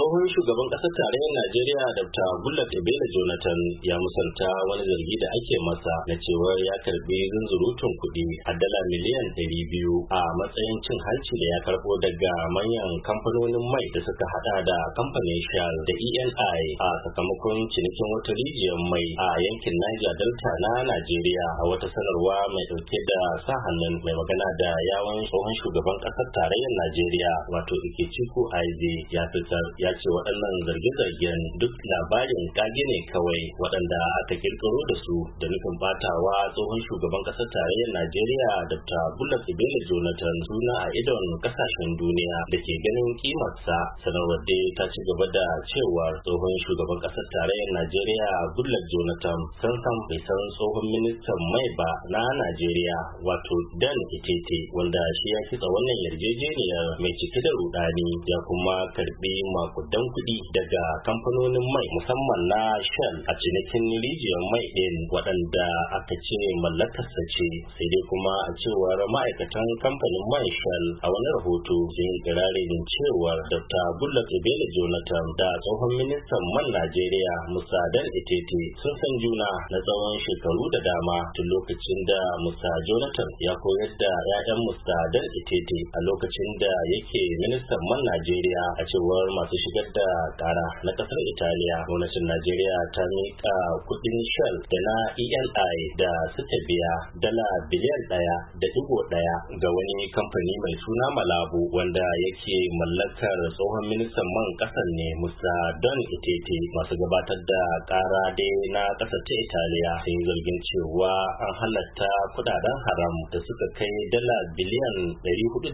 tsohon shugaban ƙasar tarayyar najeriya dr gullat ebele jonathan ya musanta wani zargi da ake masa na cewa ya karbi zunzurutun kuɗi a dala miliyan ɗari biyu a matsayin cin hanci da ya karɓo daga manyan kamfanonin mai da suka hada da kamfanin shell da eni a sakamakon cinikin wata rijiyar mai a yankin niger delta na najeriya a wata sanarwa mai ɗauke da sa hannun mai magana da yawon tsohon shugaban ƙasar tarayyar najeriya wato ikechukwu aize ya fitar ya ya ce waɗannan zarge-zargen duk labarin kage ne kawai waɗanda aka kirkiro da su da nufin batawa tsohon shugaban ƙasar tarayyar najeriya dr bullet ibn jonathan suna a idon ƙasashen duniya da ke ganin kimarsa sanarwar dai ta ci gaba da cewa tsohon shugaban ƙasar tarayyar najeriya bullet jonathan san san bai san tsohon ministan mai ba na najeriya wato dan itete wanda shi ya kitsa wannan yarjejeniyar mai cike da rudani ya kuma karbi mako Dan kuɗi daga kamfanonin mai musamman na Shell a cinikin rijiyar mai ɗin waɗanda aka ce mallakarsa ce sai dai kuma a cewar ma'aikatan kamfanin mai Shell a wani rahoto sun yi kirarin cewar Dr. Bullet Bele Jonathan da tsohon ministan man Najeriya Musa Dan Etete sun san juna na tsawon shekaru da dama tun lokacin da Musa Jonathan ya koyar da 'ya'yan Musa Dan Etete a lokacin da yake ministan man Najeriya a cewar masu shigar da kara na kasar Italiya gwamnatin Najeriya ta miƙa kuɗin Shell da na ELI da suka biya dala biliyan ɗaya da digo ɗaya ga wani kamfani mai suna Malabu, wanda yake mallakar tsohon ministan man ƙasar ne Musa Don Itete masu gabatar da kara dai na ƙasar ta Italiya sun zargin cewa an halatta kuɗaɗen haram da suka kai dala biliyan 466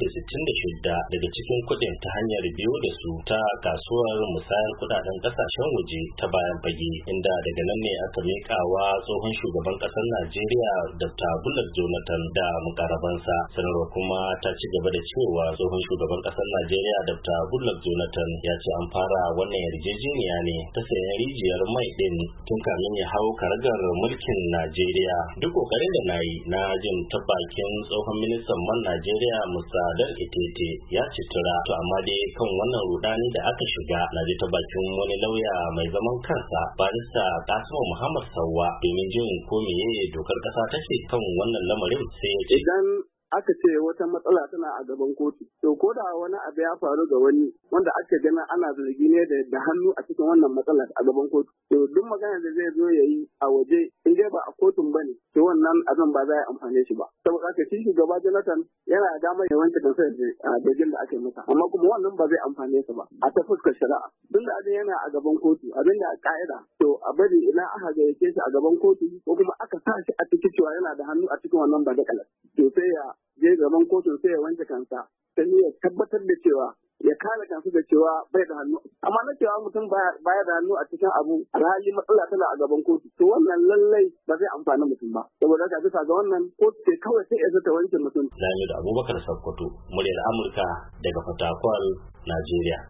daga cikin kudin ta hanyar biyo da su ta kasuwar musayar kudaden kasashen waje ta bayan fage inda daga nan ne aka mekawa tsohon shugaban kasar najeriya da tabular jonathan da mukarabansa sanarwa kuma ta ci gaba da cewa tsohon shugaban kasar najeriya da tabular jonathan ya ce an fara wannan yarjejeniya ne ta sayan rijiyar mai din tun kamin ya hau karagar mulkin najeriya duk kokarin da na yi na jin ta bakin tsohon ministan man najeriya Musa, Dan itete ya ci tura to amma dai kan wannan rudani da aka shiga na ji ta bakin wani lauya mai zaman kansa barista kasuwa muhammad sauwa domin jin ko meye dokar kasa take kan wannan lamarin sai idan aka ce wata matsala tana a gaban kotu to ko da wani abu ya faru ga wani wanda aka gana ana zargi ne da hannu a cikin wannan matsala a gaban kotu to duk magana da zai zo ya yi a waje in dai ba a kotun bane to wannan abin ba za a amfane shi ba saboda haka shi shugaba Jonathan yana da damar ya wanke kansa a jin da aka yi masa amma kuma wannan ba zai amfane sa ba a ta fuskar shari'a tun da abin yana a gaban kotu abin da ka'ida to a bari ina aka gayyace shi a gaban kotu ko kuma aka sa shi a cikin cewa yana da hannu a cikin wannan ba da kalas to sai ya je gaban kotun sai ya wanke kansa sai ya tabbatar da cewa ya kare kansa da cewa bai da hannu amma na cewa mutum baya da hannu a cikin abu alhali matsala tana a gaban kotu to wannan lallai ba zai amfani mutum ba saboda haka bisa ga wannan kotu sai kawai sai ya zata wanke mutum. da Abubakar Sokoto muryar Amurka daga Fatakwal Najeriya.